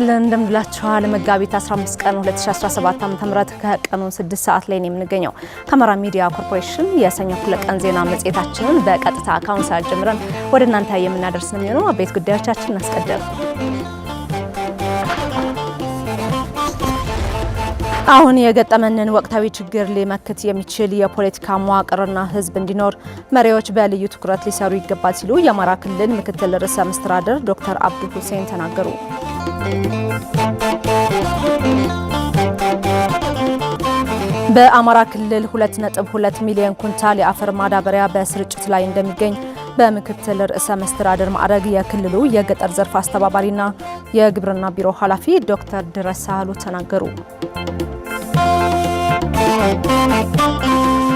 ይስጥልን እንደምንላችኋል። መጋቢት 15 ቀን 2017 ዓ.ም ከቀኑ 6 ሰዓት ላይ ነው የምንገኘው። ከአማራ ሚዲያ ኮርፖሬሽን የሰኞ ክፍለ ቀን ዜና መጽሔታችንን በቀጥታ ከአሁን ሰዓት ጀምረን ወደ እናንተ የምናደርስ ነው የሚሆነው። አበይት ጉዳዮቻችን እናስቀድም። አሁን የገጠመንን ወቅታዊ ችግር ሊመክት የሚችል የፖለቲካ መዋቅርና ሕዝብ እንዲኖር መሪዎች በልዩ ትኩረት ሊሰሩ ይገባል ሲሉ የአማራ ክልል ምክትል ርዕሰ መስተዳድር ዶክተር አብዱ ሁሴን ተናገሩ። በአማራ ክልል 2.2 ሚሊዮን ኩንታል የአፈር ማዳበሪያ በስርጭት ላይ እንደሚገኝ በምክትል ርዕሰ መስተዳድር ማዕረግ የክልሉ የገጠር ዘርፍ አስተባባሪና የግብርና ቢሮ ኃላፊ ዶክተር ድረስ ሳህሉ ተናገሩ።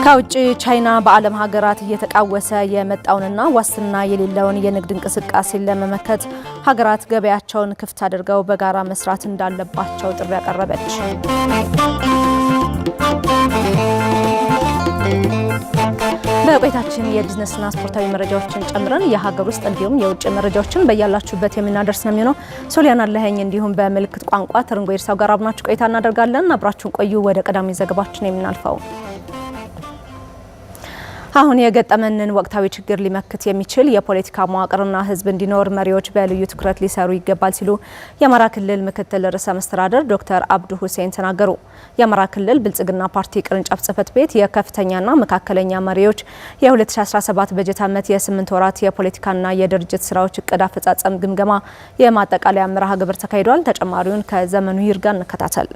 ከውጭ ቻይና በዓለም ሀገራት እየተቃወሰ የመጣውንና ዋስትና የሌለውን የንግድ እንቅስቃሴን ለመመከት ሀገራት ገበያቸውን ክፍት አድርገው በጋራ መስራት እንዳለባቸው ጥሪ አቀረበች። በቆይታችን የቢዝነስና ስፖርታዊ መረጃዎችን ጨምረን የሀገር ውስጥ እንዲሁም የውጭ መረጃዎችን በያላችሁበት የምናደርስ ነው የሚሆነው። ሶሊያና ለኸኝ እንዲሁም በምልክት ቋንቋ ተርንጎ ኤርሳው ጋር አብናችሁ ቆይታ እናደርጋለን። አብራችሁን ቆዩ። ወደ ቀዳሚ ዘገባችን የምናልፈው አሁን የገጠመንን ወቅታዊ ችግር ሊመክት የሚችል የፖለቲካ መዋቅርና ህዝብ እንዲኖር መሪዎች በልዩ ትኩረት ሊሰሩ ይገባል ሲሉ የአማራ ክልል ምክትል ርዕሰ መስተዳደር ዶክተር አብዱ ሁሴን ተናገሩ። የአማራ ክልል ብልጽግና ፓርቲ ቅርንጫፍ ጽህፈት ቤት የከፍተኛና መካከለኛ መሪዎች የ2017 በጀት ዓመት የስምንት ወራት የፖለቲካና የድርጅት ስራዎች እቅድ አፈጻጸም ግምገማ የማጠቃለያ መርሃ ግብር ተካሂዷል። ተጨማሪውን ከዘመኑ ይርጋ እንከታተል።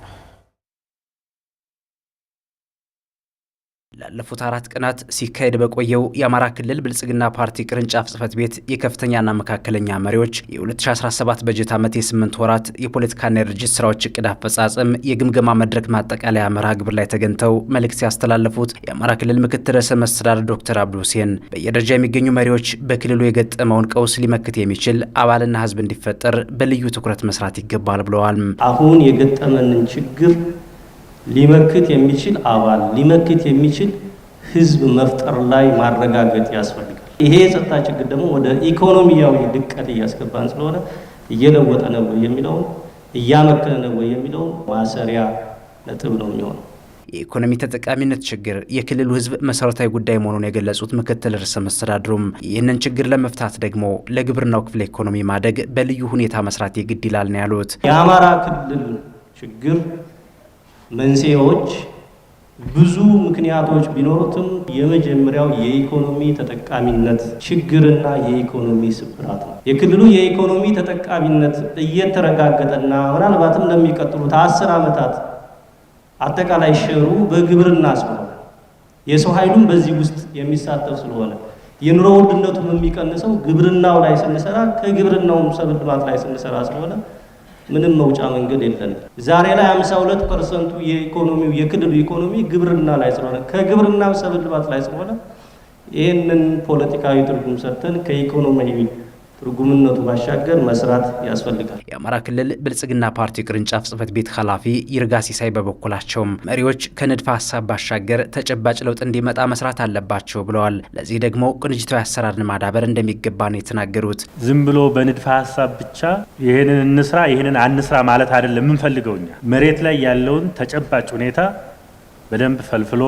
ላለፉት አራት ቀናት ሲካሄድ በቆየው የአማራ ክልል ብልጽግና ፓርቲ ቅርንጫፍ ጽህፈት ቤት የከፍተኛና መካከለኛ መሪዎች የ2017 በጀት ዓመት የስምንት ወራት የፖለቲካና የድርጅት ስራዎች እቅድ አፈጻጸም የግምገማ መድረክ ማጠቃለያ መርሃ ግብር ላይ ተገኝተው መልእክት ያስተላለፉት የአማራ ክልል ምክትል ርዕሰ መስተዳድር ዶክተር አብዱ ሁሴን በየደረጃ የሚገኙ መሪዎች በክልሉ የገጠመውን ቀውስ ሊመክት የሚችል አባልና ህዝብ እንዲፈጠር በልዩ ትኩረት መስራት ይገባል ብለዋል። አሁን የገጠመንን ችግር ሊመክት የሚችል አባል ሊመክት የሚችል ህዝብ መፍጠር ላይ ማረጋገጥ ያስፈልጋል። ይሄ የጸጥታ ችግር ደግሞ ወደ ኢኮኖሚያዊ ድቀት እያስገባን ስለሆነ እየለወጠ ነው ወይ የሚለውን እያመከነ ነው ወይ የሚለውን ማሰሪያ ነጥብ ነው የሚሆነው። የኢኮኖሚ ተጠቃሚነት ችግር የክልሉ ህዝብ መሰረታዊ ጉዳይ መሆኑን የገለጹት ምክትል ርዕሰ መስተዳድሩም ይህንን ችግር ለመፍታት ደግሞ ለግብርናው ክፍለ ኢኮኖሚ ማደግ በልዩ ሁኔታ መስራት የግድ ይላል ነው ያሉት። የአማራ ክልል ችግር መንስኤዎች ብዙ ምክንያቶች ቢኖሩትም የመጀመሪያው የኢኮኖሚ ተጠቃሚነት ችግርና የኢኮኖሚ ስብራት ነው። የክልሉ የኢኮኖሚ ተጠቃሚነት እየተረጋገጠና ምናልባትም ለሚቀጥሉት አስር ዓመታት አጠቃላይ ሸሩ በግብርና ስለሆነ የሰው ኃይሉም በዚህ ውስጥ የሚሳተፍ ስለሆነ የኑሮ ውድነቱም የሚቀንሰው ግብርናው ላይ ስንሰራ ከግብርናውም ሰብል ልማት ላይ ስንሰራ ስለሆነ ምንም መውጫ መንገድ የለን። ዛሬ ላይ 52 ፐርሰንቱ የኢኮኖሚው የክልሉ ኢኮኖሚ ግብርና ላይ ስለሆነ ከግብርና ሰብል ልማት ላይ ስለሆነ ይህንን ፖለቲካዊ ትርጉም ሰጥተን ከኢኮኖሚ ትርጉምነቱ ባሻገር መስራት ያስፈልጋል። የአማራ ክልል ብልጽግና ፓርቲ ቅርንጫፍ ጽህፈት ቤት ኃላፊ ይርጋ ሲሳይ በበኩላቸውም መሪዎች ከንድፈ ሀሳብ ባሻገር ተጨባጭ ለውጥ እንዲመጣ መስራት አለባቸው ብለዋል። ለዚህ ደግሞ ቅንጅታዊ አሰራርን ማዳበር እንደሚገባ ነው የተናገሩት። ዝም ብሎ በንድፈ ሀሳብ ብቻ ይህንን እንስራ ይህንን አንስራ ማለት አይደለም የምንፈልገው እኛ መሬት ላይ ያለውን ተጨባጭ ሁኔታ በደንብ ፈልፍሎ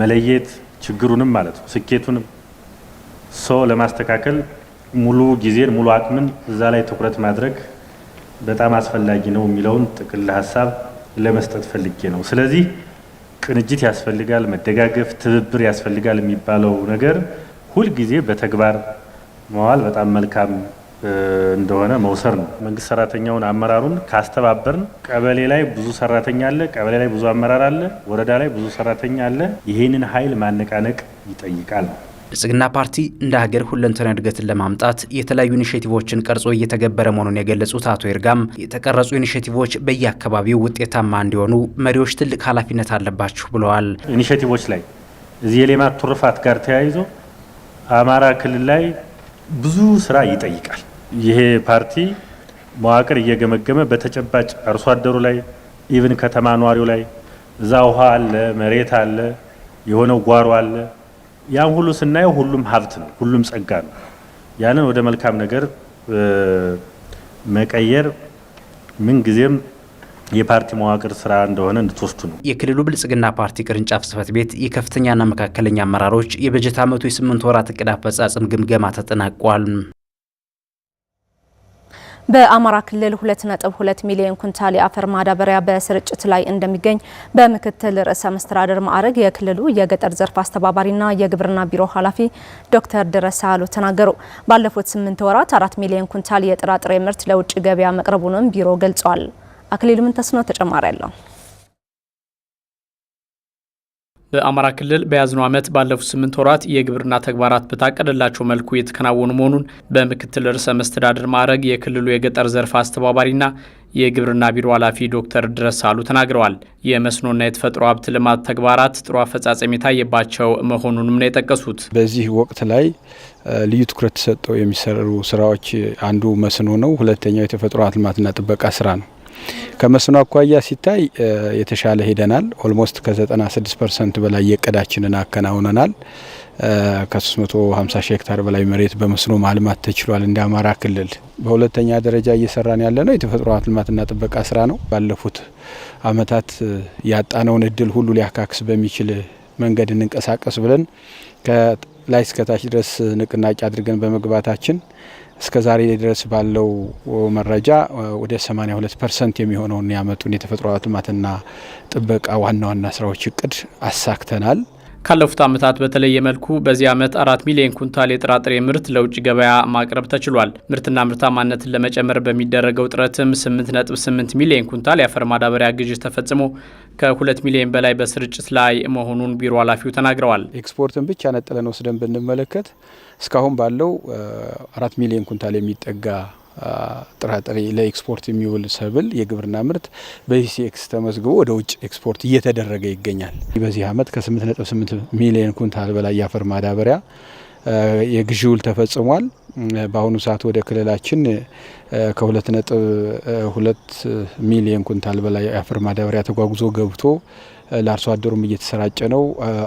መለየት ችግሩንም ማለት ነው ስኬቱንም ሰው ለማስተካከል ሙሉ ጊዜን ሙሉ አቅምን እዛ ላይ ትኩረት ማድረግ በጣም አስፈላጊ ነው የሚለውን ጥቅል ሀሳብ ለመስጠት ፈልጌ ነው። ስለዚህ ቅንጅት ያስፈልጋል፣ መደጋገፍ፣ ትብብር ያስፈልጋል የሚባለው ነገር ሁልጊዜ በተግባር መዋል በጣም መልካም እንደሆነ መውሰር ነው። መንግስት ሰራተኛውን አመራሩን ካስተባበርን ቀበሌ ላይ ብዙ ሰራተኛ አለ፣ ቀበሌ ላይ ብዙ አመራር አለ፣ ወረዳ ላይ ብዙ ሰራተኛ አለ። ይህንን ኃይል ማነቃነቅ ይጠይቃል። ብልጽግና ፓርቲ እንደ ሀገር ሁለንተና እድገትን ለማምጣት የተለያዩ ኢኒሽቲቮችን ቀርጾ እየተገበረ መሆኑን የገለጹት አቶ ይርጋም የተቀረጹ ኢኒሽቲቮች በየአካባቢው ውጤታማ እንዲሆኑ መሪዎች ትልቅ ኃላፊነት አለባችሁ ብለዋል። ኢኒሽቲቮች ላይ እዚህ የሌማት ትሩፋት ጋር ተያይዞ አማራ ክልል ላይ ብዙ ስራ ይጠይቃል። ይሄ ፓርቲ መዋቅር እየገመገመ በተጨባጭ አርሶ አደሩ ላይ ኢቭን ከተማ ኗሪው ላይ እዛ ውሃ አለ፣ መሬት አለ፣ የሆነው ጓሮ አለ ያን ሁሉ ስናየው ሁሉም ሀብት ነው፣ ሁሉም ጸጋ ነው። ያንን ወደ መልካም ነገር መቀየር ምን ጊዜም የፓርቲ መዋቅር ስራ እንደሆነ እንድትወስዱ ነው። የክልሉ ብልጽግና ፓርቲ ቅርንጫፍ ጽህፈት ቤት የከፍተኛና መካከለኛ አመራሮች የበጀት ዓመቱ የስምንት ወራት እቅድ አፈጻጽም ግምገማ ተጠናቋል። በአማራ ክልል 2.2 ሚሊዮን ኩንታል የአፈር ማዳበሪያ በስርጭት ላይ እንደሚገኝ በምክትል ርዕሰ መስተዳደር ማዕረግ የክልሉ የገጠር ዘርፍ አስተባባሪና የግብርና ቢሮ ኃላፊ ዶክተር ድረሳ አሉ ተናገሩ። ባለፉት ስምንት ወራት 4 ሚሊዮን ኩንታል የጥራጥሬ ምርት ለውጭ ገበያ መቅረቡንም ቢሮ ገልጿል። አክሊሉ ምንተስኖ ተጨማሪ አለው። በአማራ ክልል በያዝነው ዓመት ባለፉት ስምንት ወራት የግብርና ተግባራት በታቀደላቸው መልኩ የተከናወኑ መሆኑን በምክትል ርዕሰ መስተዳድር ማዕረግ የክልሉ የገጠር ዘርፍ አስተባባሪና የግብርና ቢሮ ኃላፊ ዶክተር ድረስ ሳሉ ተናግረዋል። የመስኖና የተፈጥሮ ሀብት ልማት ተግባራት ጥሩ አፈጻጸም የታየባቸው መሆኑንም ነው የጠቀሱት። በዚህ ወቅት ላይ ልዩ ትኩረት ተሰጠው የሚሰሩ ስራዎች አንዱ መስኖ ነው። ሁለተኛው የተፈጥሮ ሀብት ልማትና ጥበቃ ስራ ነው። ከመስኖ አኳያ ሲታይ የተሻለ ሄደናል። ኦልሞስት ከ96 ፐርሰንት በላይ የቀዳችንን አከናውነናል። ከ350 ሄክታር በላይ መሬት በመስኖ ማልማት ተችሏል እንደ አማራ ክልል። በሁለተኛ ደረጃ እየሰራን ያለ ነው የተፈጥሮ ሀብት ልማትና ጥበቃ ስራ ነው። ባለፉት አመታት ያጣነውን እድል ሁሉ ሊያካክስ በሚችል መንገድ እንንቀሳቀስ ብለን ላይ እስከታች ድረስ ንቅናቄ አድርገን በመግባታችን እስከ ዛሬ ድረስ ባለው መረጃ ወደ 82 ፐርሰንት የሚሆነውን ያመጡን የተፈጥሮ ልማትና ጥበቃ ዋና ዋና ስራዎች እቅድ አሳክተናል። ካለፉት ዓመታት በተለየ መልኩ በዚህ ዓመት አራት ሚሊዮን ኩንታል የጥራጥሬ ምርት ለውጭ ገበያ ማቅረብ ተችሏል። ምርትና ምርታማነትን ለመጨመር በሚደረገው ጥረትም 8.8 ሚሊዮን ኩንታል የአፈር ማዳበሪያ ግዥ ተፈጽሞ ከ2 ሚሊዮን በላይ በስርጭት ላይ መሆኑን ቢሮ ኃላፊው ተናግረዋል። ኤክስፖርትን ብቻ ነጥለን ወስደን ብንመለከት እስካሁን ባለው አራት ሚሊዮን ኩንታል የሚጠጋ ጥራጥሬ ለኤክስፖርት የሚውል ሰብል የግብርና ምርት በኢሲኤክስ ተመዝግቦ ወደ ውጭ ኤክስፖርት እየተደረገ ይገኛል። በዚህ ዓመት ከ8.8 ሚሊዮን ኩንታል በላይ የአፈር ማዳበሪያ የግዢ ውል ተፈጽሟል። በአሁኑ ሰዓት ወደ ክልላችን ከ2.2 ሚሊዮን ኩንታል በላይ የአፈር ማዳበሪያ ተጓጉዞ ገብቶ ለአርሶ አደሩም እየተሰራጨ ነው።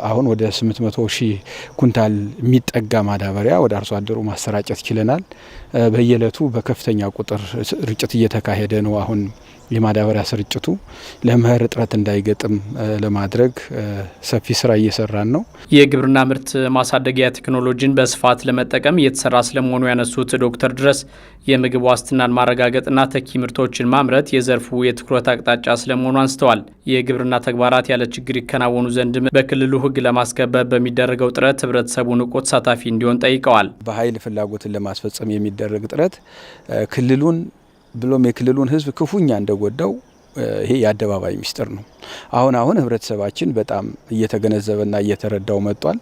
አሁን ወደ 800 ሺህ ኩንታል የሚጠጋ ማዳበሪያ ወደ አርሶ አደሩ ማሰራጨት ችለናል። በየዕለቱ በከፍተኛ ቁጥር ርጭት እየተካሄደ ነው አሁን የማዳበሪያ ስርጭቱ ለመኸር እጥረት እንዳይገጥም ለማድረግ ሰፊ ስራ እየሰራን ነው። የግብርና ምርት ማሳደጊያ ቴክኖሎጂን በስፋት ለመጠቀም እየተሰራ ስለመሆኑ ያነሱት ዶክተር ድረስ የምግብ ዋስትናን ማረጋገጥና ተኪ ምርቶችን ማምረት የዘርፉ የትኩረት አቅጣጫ ስለመሆኑ አንስተዋል። የግብርና ተግባራት ያለ ችግር ይከናወኑ ዘንድም በክልሉ ሕግ ለማስከበር በሚደረገው ጥረት ህብረተሰቡ ንቁ ተሳታፊ እንዲሆን ጠይቀዋል። በኃይል ፍላጎትን ለማስፈጸም የሚደረግ ጥረት ክልሉን ብሎም የክልሉን ህዝብ ክፉኛ እንደጎዳው ይሄ የአደባባይ ሚስጥር ነው። አሁን አሁን ህብረተሰባችን በጣም እየተገነዘበና እየተረዳው መጥቷል።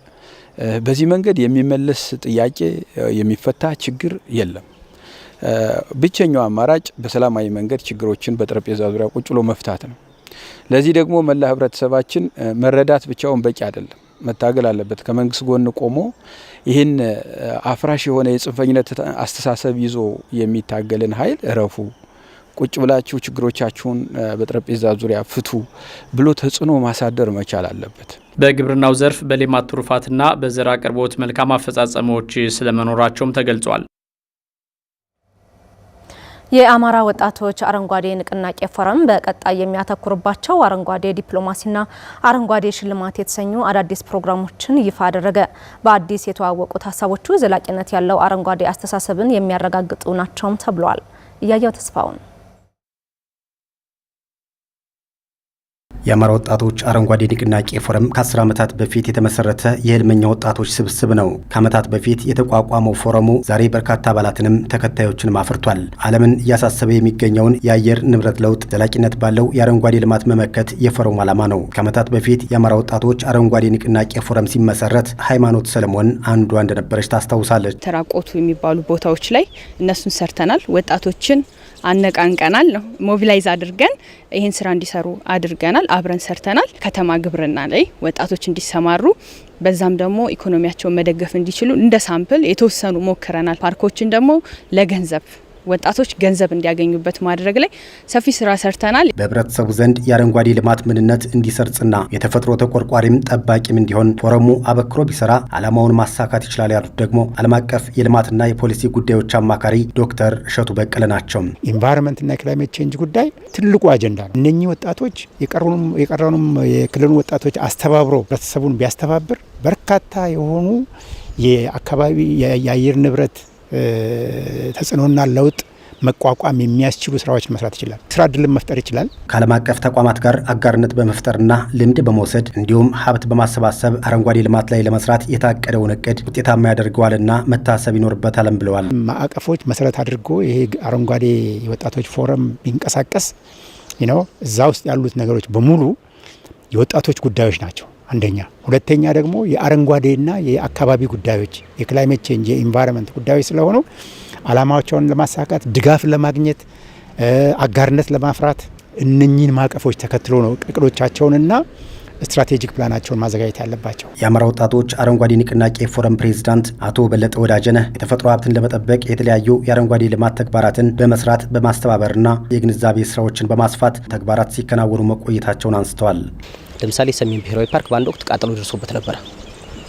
በዚህ መንገድ የሚመለስ ጥያቄ የሚፈታ ችግር የለም። ብቸኛው አማራጭ በሰላማዊ መንገድ ችግሮችን በጠረጴዛ ዙሪያ ቁጭሎ መፍታት ነው። ለዚህ ደግሞ መላ ህብረተሰባችን መረዳት ብቻውን በቂ አይደለም። መታገል አለበት። ከመንግስት ጎን ቆሞ ይህን አፍራሽ የሆነ የጽንፈኝነት አስተሳሰብ ይዞ የሚታገልን ኃይል እረፉ፣ ቁጭ ብላችሁ ችግሮቻችሁን በጠረጴዛ ዙሪያ ፍቱ ብሎ ተጽዕኖ ማሳደር መቻል አለበት። በግብርናው ዘርፍ በሌማት ትሩፋትና በዘር አቅርቦት መልካም አፈጻጸሞች ስለመኖራቸውም ተገልጿል። የአማራ ወጣቶች አረንጓዴ ንቅናቄ ፎረም በቀጣይ የሚያተኩርባቸው አረንጓዴ ዲፕሎማሲና አረንጓዴ ሽልማት የተሰኙ አዳዲስ ፕሮግራሞችን ይፋ አደረገ። በአዲስ የተዋወቁት ሀሳቦቹ ዘላቂነት ያለው አረንጓዴ አስተሳሰብን የሚያረጋግጡ ናቸውም ተብሏል። እያየው ተስፋውን የአማራ ወጣቶች አረንጓዴ ንቅናቄ ፎረም ከ ዓመታት በፊት የተመሰረተ የህልመኛ ወጣቶች ስብስብ ነው። ከዓመታት በፊት የተቋቋመው ፎረሙ ዛሬ በርካታ አባላትንም ተከታዮችንም አፍርቷል። ዓለምን እያሳሰበ የሚገኘውን የአየር ንብረት ለውጥ ዘላቂነት ባለው የአረንጓዴ ልማት መመከት የፎረሙ ዓላማ ነው። ከዓመታት በፊት የአማራ ወጣቶች አረንጓዴ ንቅናቄ ፎረም ሲመሰረት ሃይማኖት ሰለሞን አንዷ እንደነበረች ታስታውሳለች። ተራቆቱ የሚባሉ ቦታዎች ላይ እነሱን ሰርተናል። ወጣቶችን አነቃንቀናል ነው ሞቢላይዝ አድርገን ይህን ስራ እንዲሰሩ አድርገናል። አብረን ሰርተናል። ከተማ ግብርና ላይ ወጣቶች እንዲሰማሩ በዛም ደግሞ ኢኮኖሚያቸውን መደገፍ እንዲችሉ እንደ ሳምፕል የተወሰኑ ሞክረናል። ፓርኮችን ደግሞ ለገንዘብ ወጣቶች ገንዘብ እንዲያገኙበት ማድረግ ላይ ሰፊ ስራ ሰርተናል። በህብረተሰቡ ዘንድ የአረንጓዴ ልማት ምንነት እንዲሰርጽና የተፈጥሮ ተቆርቋሪም ጠባቂም እንዲሆን ፎረሙ አበክሮ ቢሰራ አላማውን ማሳካት ይችላል ያሉት ደግሞ ዓለም አቀፍ የልማትና የፖሊሲ ጉዳዮች አማካሪ ዶክተር እሸቱ በቀለ ናቸው። ኢንቫይሮንመንትና ክላይሜት ቼንጅ ጉዳይ ትልቁ አጀንዳ ነው። እነኚህ ወጣቶች የቀረኑም የክልሉን ወጣቶች አስተባብሮ ህብረተሰቡን ቢያስተባብር በርካታ የሆኑ የአካባቢ የአየር ንብረት ተጽዕኖና ለውጥ መቋቋም የሚያስችሉ ስራዎች መስራት ይችላል። ስራ እድልን መፍጠር ይችላል። ከዓለም አቀፍ ተቋማት ጋር አጋርነት በመፍጠርና ልምድ በመውሰድ እንዲሁም ሀብት በማሰባሰብ አረንጓዴ ልማት ላይ ለመስራት የታቀደውን እቅድ ውጤታማ ያደርገዋልና መታሰብ ይኖርበታልም ብለዋል። ማዕቀፎች መሰረት አድርጎ ይሄ አረንጓዴ የወጣቶች ፎረም ቢንቀሳቀስ ነው እዛ ውስጥ ያሉት ነገሮች በሙሉ የወጣቶች ጉዳዮች ናቸው። አንደኛ። ሁለተኛ ደግሞ የአረንጓዴና የአካባቢ ጉዳዮች የክላይሜት ቼንጅ የኢንቫይሮንመንት ጉዳዮች ስለሆኑ አላማቸውን ለማሳካት ድጋፍ ለማግኘት አጋርነት ለማፍራት እነኚህን ማቀፎች ተከትሎ ነው እቅዶቻቸውንና ስትራቴጂክ ፕላናቸውን ማዘጋጀት ያለባቸው። የአማራ ወጣቶች አረንጓዴ ንቅናቄ ፎረም ፕሬዚዳንት አቶ በለጠ ወዳጀነህ የተፈጥሮ ሀብትን ለመጠበቅ የተለያዩ የአረንጓዴ ልማት ተግባራትን በመስራት በማስተባበርና የግንዛቤ ስራዎችን በማስፋት ተግባራት ሲከናወኑ መቆየታቸውን አንስተዋል። ለምሳሌ ሰሜን ብሔራዊ ፓርክ በአንድ ወቅት ቃጠሎ ደርሶበት ነበረ።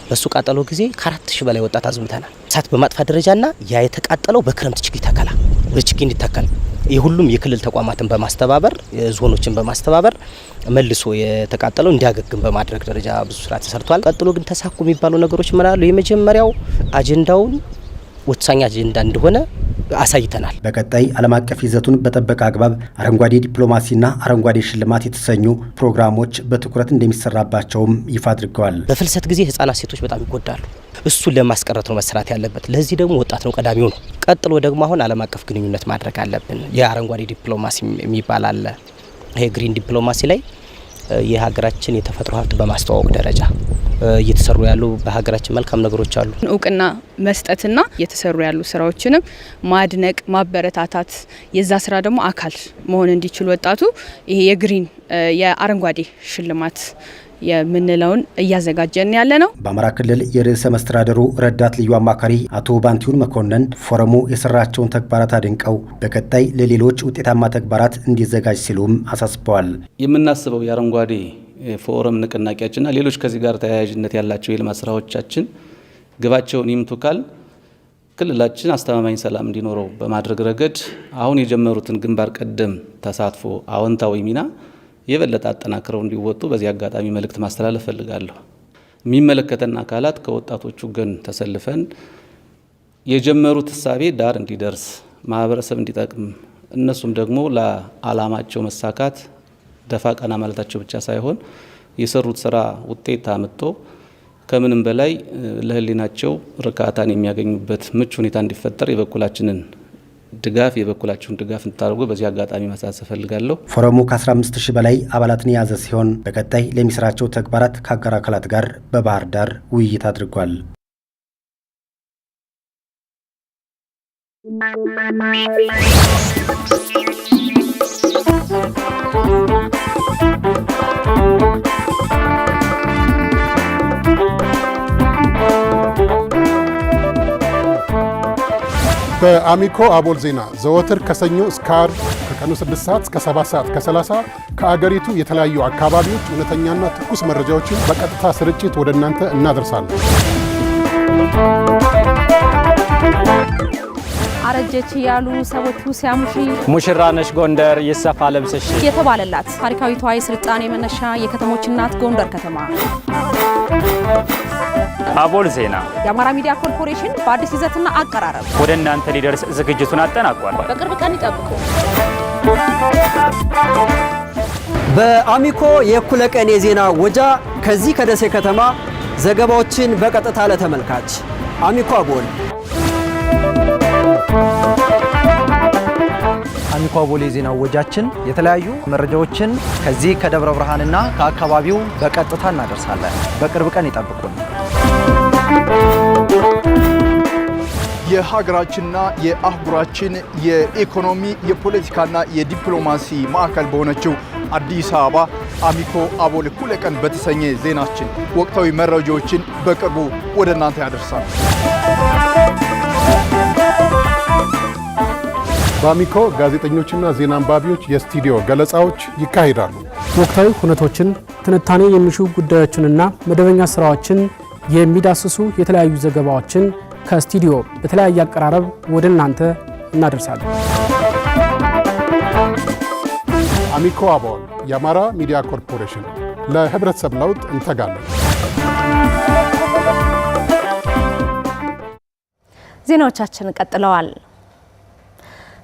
በሱ ቃጠሎ ጊዜ ከአራት ሺህ በላይ ወጣት አዝምተናል። እሳት በማጥፋት ደረጃና ያ የተቃጠለው በክረምት ችግኝ ተከላ በችግኝ እንዲተከል የሁሉም የክልል ተቋማትን በማስተባበር ዞኖችን በማስተባበር መልሶ የተቃጠለው እንዲያገግም በማድረግ ደረጃ ብዙ ስራ ተሰርቷል። ቀጥሎ ግን ተሳኩ የሚባሉ ነገሮች ምናሉ? የመጀመሪያው አጀንዳውን ወሳኝ አጀንዳ እንደሆነ አሳይተናል። በቀጣይ ዓለም አቀፍ ይዘቱን በጠበቀ አግባብ አረንጓዴ ዲፕሎማሲና አረንጓዴ ሽልማት የተሰኙ ፕሮግራሞች በትኩረት እንደሚሰራባቸውም ይፋ አድርገዋል። በፍልሰት ጊዜ ህጻናት፣ ሴቶች በጣም ይጎዳሉ። እሱን ለማስቀረት ነው መሰራት ያለበት። ለዚህ ደግሞ ወጣት ነው ቀዳሚው ነው። ቀጥሎ ደግሞ አሁን ዓለም አቀፍ ግንኙነት ማድረግ አለብን። የአረንጓዴ ዲፕሎማሲ የሚባል አለ። ይሄ ግሪን ዲፕሎማሲ ላይ የሀገራችን የተፈጥሮ ሀብት በማስተዋወቅ ደረጃ እየተሰሩ ያሉ በሀገራችን መልካም ነገሮች አሉ። እውቅና መስጠትና እየተሰሩ ያሉ ስራዎችንም ማድነቅ፣ ማበረታታት የዛ ስራ ደግሞ አካል መሆን እንዲችል ወጣቱ ይሄ የግሪን የአረንጓዴ ሽልማት የምንለውን እያዘጋጀን ያለ ነው። በአማራ ክልል የርዕሰ መስተዳደሩ ረዳት ልዩ አማካሪ አቶ ባንቲሁን መኮንን ፎረሙ የሰራቸውን ተግባራት አድንቀው በቀጣይ ለሌሎች ውጤታማ ተግባራት እንዲዘጋጅ ሲሉም አሳስበዋል። የምናስበው የአረንጓዴ ፎረም ንቅናቄያችንና ሌሎች ከዚህ ጋር ተያያዥነት ያላቸው የልማት ስራዎቻችን ግባቸውን ይምቱካል ክልላችን አስተማማኝ ሰላም እንዲኖረው በማድረግ ረገድ አሁን የጀመሩትን ግንባር ቀደም ተሳትፎ አዎንታዊ ሚና የበለጠ አጠናክረው እንዲወጡ በዚህ አጋጣሚ መልእክት ማስተላለፍ ፈልጋለሁ። የሚመለከተን አካላት ከወጣቶቹ ግን ተሰልፈን የጀመሩት እሳቤ ዳር እንዲደርስ ማህበረሰብ እንዲጠቅም እነሱም ደግሞ ለዓላማቸው መሳካት ደፋ ቀና ማለታቸው ብቻ ሳይሆን የሰሩት ስራ ውጤት አምጥቶ ከምንም በላይ ለህሊናቸው እርካታን የሚያገኙበት ምቹ ሁኔታ እንዲፈጠር የበኩላችንን ድጋፍ የበኩላችሁን ድጋፍ እንድታደርጉ በዚህ አጋጣሚ ማሳሰብ እፈልጋለሁ። ፎረሙ ከ15 ሺህ በላይ አባላትን የያዘ ሲሆን በቀጣይ ለሚሰራቸው ተግባራት ከአጋር አካላት ጋር በባህር ዳር ውይይት አድርጓል። በአሚኮ አቦል ዜና ዘወትር ከሰኞ እስከ ዓርብ ከቀኑ 6 ሰዓት እስከ 7 ሰዓት ከ30 ከአገሪቱ የተለያዩ አካባቢዎች እውነተኛና ትኩስ መረጃዎችን በቀጥታ ስርጭት ወደ እናንተ እናደርሳለን። አረጀች ያሉ ሰዎቹ ሲያሙሺ ሙሽራ ነሽ ጎንደር ይሰፋ ለብሰሽ የተባለላት ታሪካዊቷ የስልጣኔ መነሻ የከተሞች እናት ጎንደር ከተማ አቦል ዜና የአማራ ሚዲያ ኮርፖሬሽን በአዲስ ይዘትና አቀራረብ ወደ እናንተ ሊደርስ ዝግጅቱን አጠናቋል። በቅርብ ቀን ይጠብቁ። በአሚኮ የእኩለ ቀን የዜና ወጃ ከዚህ ከደሴ ከተማ ዘገባዎችን በቀጥታ ለተመልካች አሚኮ አቦል አሚኮ አቦል የዜና ወጃችን የተለያዩ መረጃዎችን ከዚህ ከደብረ ብርሃንና ከአካባቢው በቀጥታ እናደርሳለን። በቅርብ ቀን ይጠብቁን። የሀገራችንና የአህጉራችን የኢኮኖሚ የፖለቲካና የዲፕሎማሲ ማዕከል በሆነችው አዲስ አበባ አሚኮ አቦል እኩለ ቀን በተሰኘ ዜናችን ወቅታዊ መረጃዎችን በቅርቡ ወደ እናንተ ያደርሳል። በአሚኮ ጋዜጠኞችና ዜና አንባቢዎች የስቱዲዮ ገለጻዎች ይካሄዳሉ። ወቅታዊ ሁነቶችን ትንታኔ የሚሹ ጉዳዮችንና መደበኛ ስራዎችን የሚዳስሱ የተለያዩ ዘገባዎችን ከስቱዲዮ በተለያየ አቀራረብ ወደ እናንተ እናደርሳለን። አሚኮ አባል የአማራ ሚዲያ ኮርፖሬሽን ለህብረተሰብ ለውጥ እንተጋለን። ዜናዎቻችን ቀጥለዋል።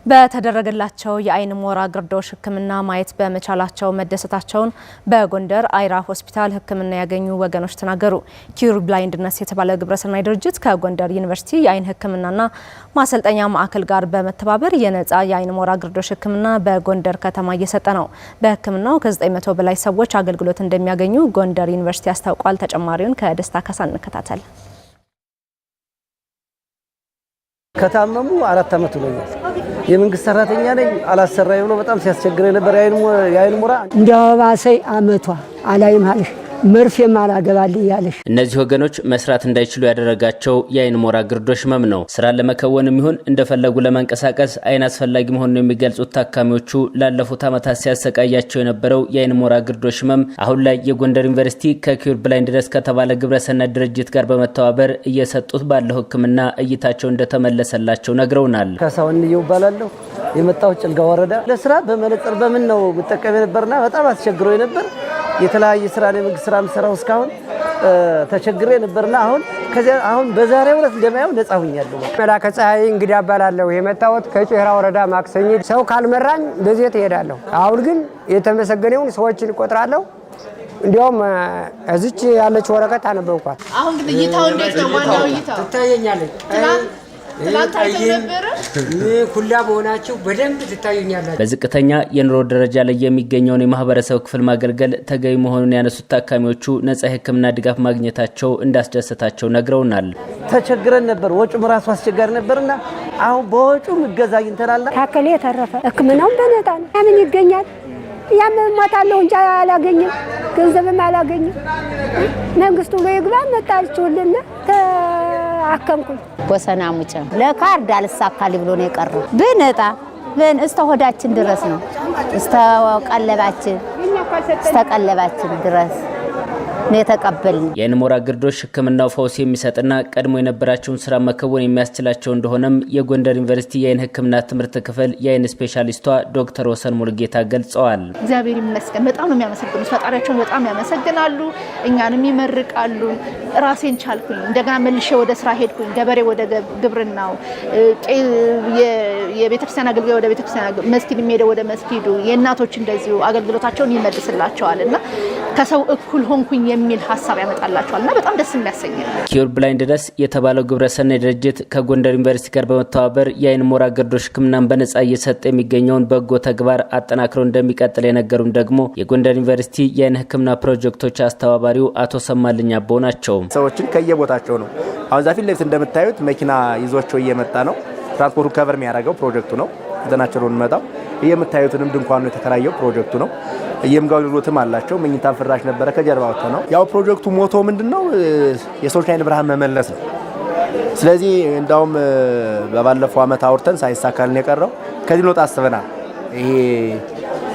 በተደረገላቸው የአይን ሞራ ግርዶሽ ሕክምና ማየት በመቻላቸው መደሰታቸውን በጎንደር አይራ ሆስፒታል ሕክምና ያገኙ ወገኖች ተናገሩ። ኪዩር ብላይንድነስ የተባለ ግብረሰናይ ድርጅት ከጎንደር ዩኒቨርሲቲ የአይን ሕክምናና ማሰልጠኛ ማዕከል ጋር በመተባበር የነፃ የአይን ሞራ ግርዶሽ ሕክምና በጎንደር ከተማ እየሰጠ ነው። በሕክምናው ከ900 በላይ ሰዎች አገልግሎት እንደሚያገኙ ጎንደር ዩኒቨርሲቲ አስታውቋል። ተጨማሪውን ከደስታ ካሳ እንከታተል። ከታመሙ አራት ዓመት ሆኖኛል የመንግስት ሰራተኛ ነኝ አላሰራኝ ብሎ በጣም ሲያስቸግረኝ ነበር። የአይን ሙራ እንደ እንዲያባሰይ አመቷ አላይም አልሽ መርፌ ማላገባል እያለሽ እነዚህ ወገኖች መስራት እንዳይችሉ ያደረጋቸው የአይን ሞራ ግርዶሽ ህመም ነው። ስራ ለመከወንም ይሁን እንደፈለጉ ለመንቀሳቀስ አይን አስፈላጊ መሆኑን የሚገልጹት ታካሚዎቹ ላለፉት ዓመታት ሲያሰቃያቸው የነበረው የአይን ሞራ ግርዶሽ ህመም አሁን ላይ የጎንደር ዩኒቨርሲቲ ከኪዩር ብላይንድነስ ከተባለ ግብረሰናድ ድርጅት ጋር በመተባበር እየሰጡት ባለው ህክምና እይታቸው እንደተመለሰላቸው ነግረውናል። ከሰውንየው ይባላለሁ የመጣሁት ጭልጋ ወረዳ ለስራ በመነጽር በምን ነው የምጠቀም የነበርና በጣም አስቸግሮ የነበር የተለያየ ስራ የመንግስት ስራ የምሰራው እስካሁን ተቸግሬ ነበርና አሁን ከዚያ አሁን በዛሬው ዕለት እንደማየው ነጻ ሁኛለሁ። መላከ ፀሐይ እንግዲህ አባላለሁ የመጣሁት ከጩራ ወረዳ ማክሰኝ። ሰው ካልመራኝ በዚህ ትሄዳለሁ። አሁን ግን የተመሰገነውን ሰዎችን እቆጥራለሁ። እንዲያውም እዚች ያለች ወረቀት አነበብኳት። አሁን ግን እይታው እንዴት ነው? ዋናው እይታው ትታየኛለች። ኩላ በሆናችሁ በደንብ ትታዩኛላችሁ። በዝቅተኛ የኑሮ ደረጃ ላይ የሚገኘውን የማህበረሰብ ክፍል ማገልገል ተገቢ መሆኑን ያነሱት ታካሚዎቹ ነጻ የሕክምና ድጋፍ ማግኘታቸው እንዳስደሰታቸው ነግረውናል። ተቸግረን ነበር፣ ወጪም ራሱ አስቸጋሪ ነበርና አሁን በወጪም እገዛ አግኝተናል። ታከለ የተረፈ ሕክምናውም በነጣ ነው። ያምን ይገኛል? ያም ሞታለሁ እንጂ አላገኝም፣ ገንዘብም አላገኝም። መንግስቱ ብሎ መጣ መጣችሁልና አከምኩ ወሰና ሙጨ ለካርድ አልሳካል ብሎ ነው የቀረው። ብነጣ ብን እስተ ሆዳችን ድረስ ነው እስተ ቀለባችን እስተ ቀለባችን ድረስ ነው የተቀበልን። የአይንሞራ ግርዶሽ ህክምናው ፈውስ የሚሰጥና ቀድሞ የነበራቸውን ስራ መከወን የሚያስችላቸው እንደሆነም የጎንደር ዩኒቨርሲቲ የአይን ህክምና ትምህርት ክፍል የአይን ስፔሻሊስቷ ዶክተር ወሰን ሙልጌታ ገልጸዋል። እግዚአብሔር ይመስገን። በጣም ነው የሚያመሰግኑ። ፈጣሪያቸውን በጣም ያመሰግናሉ፣ እኛንም ይመርቃሉ። ራሴን ቻልኩኝ፣ እንደገና መልሼ ወደ ስራ ሄድኩኝ። ገበሬ ወደ ግብርናው፣ የቤተክርስቲያን አገልጋይ ወደ ቤተክርስቲያን፣ መስጊድ የሚሄደው ወደ መስጊዱ፣ የእናቶች እንደዚሁ አገልግሎታቸውን ይመልስላቸዋል እና ከሰው እኩል ሆንኩኝ የሚል ሀሳብ ያመጣላቸዋል እና በጣም ደስ የሚያሰኝ ነው። ኪዩር ብላይንድነስ የተባለው ግብረሰናይ ድርጅት ከጎንደር ዩኒቨርሲቲ ጋር በመተባበር የአይን ሞራ ገርዶሽ ሕክምናን በነጻ እየሰጠ የሚገኘውን በጎ ተግባር አጠናክረው እንደሚቀጥል የነገሩም ደግሞ የጎንደር ዩኒቨርሲቲ የአይን ሕክምና ፕሮጀክቶች አስተባባሪው አቶ ሰማልኝ አቦ ናቸው። ሰዎችን ከየቦታቸው ነው አሁን ዛፊት ለፊት እንደምታዩት መኪና ይዟቸው እየመጣ ነው። ትራንስፖርቱ ከቨር የሚያደርገው ፕሮጀክቱ ነው። ዘናቸው ነው መጣው እየምታዩትንም ድንኳኑ የተከራየው ፕሮጀክቱ ነው። የምግብ አገልግሎትም አላቸው። መኝታም ፍራሽ ነበረ። ከጀርባ ወጥተ ነው ያው ፕሮጀክቱ ሞቶ ምንድን ነው አይን ብርሃን መመለስ ነው። ስለዚህ እንዳውም በባለፈው አመት አውርተን ሳይሳካልን የቀረው ከዚህ ልንወጣ አስበናል። ይሄ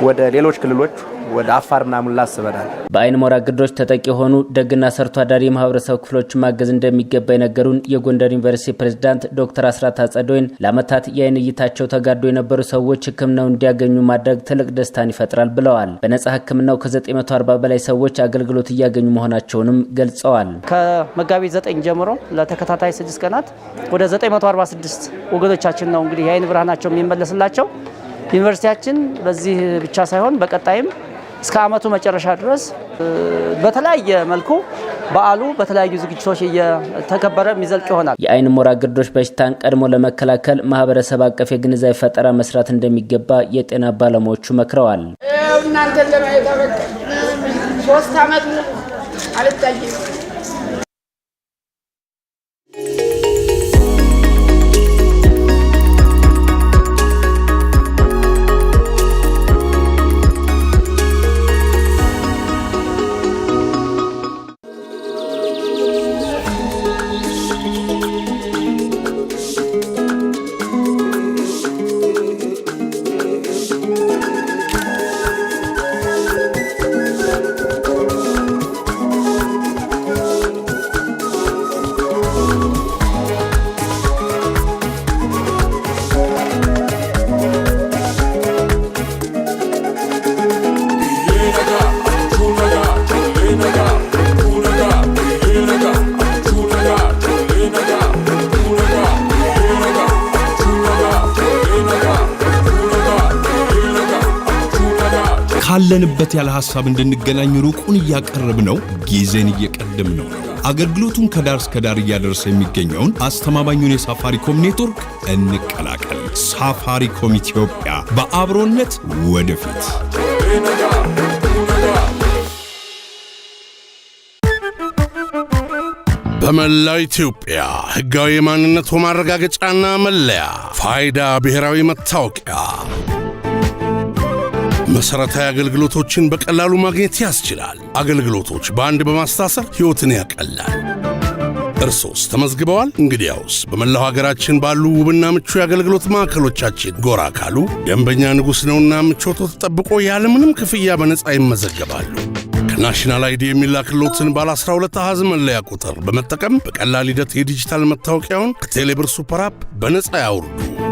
ወደ ሌሎች ክልሎች ወደ አፋር ምናምን ላስበናል። በአይን ሞራ ግድሮች ተጠቂ የሆኑ ደግና ሰርቶ አዳሪ የማህበረሰብ ክፍሎችን ማገዝ እንደሚገባ የነገሩን የጎንደር ዩኒቨርሲቲ ፕሬዚዳንት ዶክተር አስራት አጸደወይን ለአመታት የአይን እይታቸው ተጋዶ የነበሩ ሰዎች ህክምናው እንዲያገኙ ማድረግ ትልቅ ደስታን ይፈጥራል ብለዋል። በነጻ ህክምናው ከ940 በላይ ሰዎች አገልግሎት እያገኙ መሆናቸውንም ገልጸዋል። ከመጋቢት 9 ጀምሮ ለተከታታይ 6 ቀናት ወደ 946 ወገኖቻችን ነው እንግዲህ የአይን ብርሃናቸው የሚመለስላቸው ዩኒቨርሲቲያችን በዚህ ብቻ ሳይሆን በቀጣይም እስከ ዓመቱ መጨረሻ ድረስ በተለያየ መልኩ በዓሉ በተለያዩ ዝግጅቶች እየተከበረ የሚዘልቅ ይሆናል። የአይን ሞራ ግርዶሽ በሽታን ቀድሞ ለመከላከል ማህበረሰብ አቀፍ የግንዛቤ ፈጠራ መስራት እንደሚገባ የጤና ባለሙያዎቹ መክረዋል። እናንተ ለማየት ሶስት አመት አልታየም ያለ ሐሳብ እንድንገናኝ ሩቁን እያቀረብ ነው፣ ጊዜን እየቀደም ነው። አገልግሎቱን ከዳር እስከ ዳር እያደረሰ የሚገኘውን አስተማማኙን የሳፋሪኮም ኔትወርክ እንቀላቀል። ሳፋሪኮም ኢትዮጵያ በአብሮነት ወደፊት። በመላው ኢትዮጵያ ሕጋዊ የማንነት ማረጋገጫና መለያ ፋይዳ ብሔራዊ መታወቂያ መሰረታዊ አገልግሎቶችን በቀላሉ ማግኘት ያስችላል። አገልግሎቶች በአንድ በማስታሰር ሕይወትን ያቀላል። እርሶስ ተመዝግበዋል? እንግዲያውስ በመላው ሀገራችን ባሉ ውብና ምቹ የአገልግሎት ማዕከሎቻችን ጎራ ካሉ ደንበኛ ንጉሥ ነውና ምቾቶ ተጠብቆ ያለምንም ክፍያ በነፃ ይመዘገባሉ። ከናሽናል አይዲ የሚላክልዎትን ባለ 12 አሃዝ መለያ ቁጥር በመጠቀም በቀላል ሂደት የዲጂታል መታወቂያውን ከቴሌብር ሱፐር አፕ በነፃ ያውርዱ።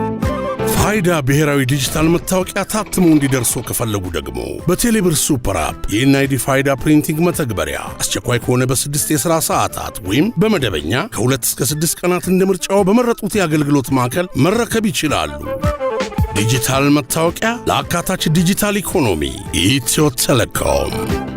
ፋይዳ ብሔራዊ ዲጂታል መታወቂያ ታትሞ እንዲደርሶ ከፈለጉ ደግሞ በቴሌብር ሱፐር አፕ የኤንአይዲ ፋይዳ ፕሪንቲንግ መተግበሪያ አስቸኳይ ከሆነ በስድስት የሥራ ሰዓታት ወይም በመደበኛ ከሁለት እስከ ስድስት ቀናት እንደ ምርጫው በመረጡት የአገልግሎት ማዕከል መረከብ ይችላሉ። ዲጂታል መታወቂያ ለአካታች ዲጂታል ኢኮኖሚ ኢትዮ ቴሌኮም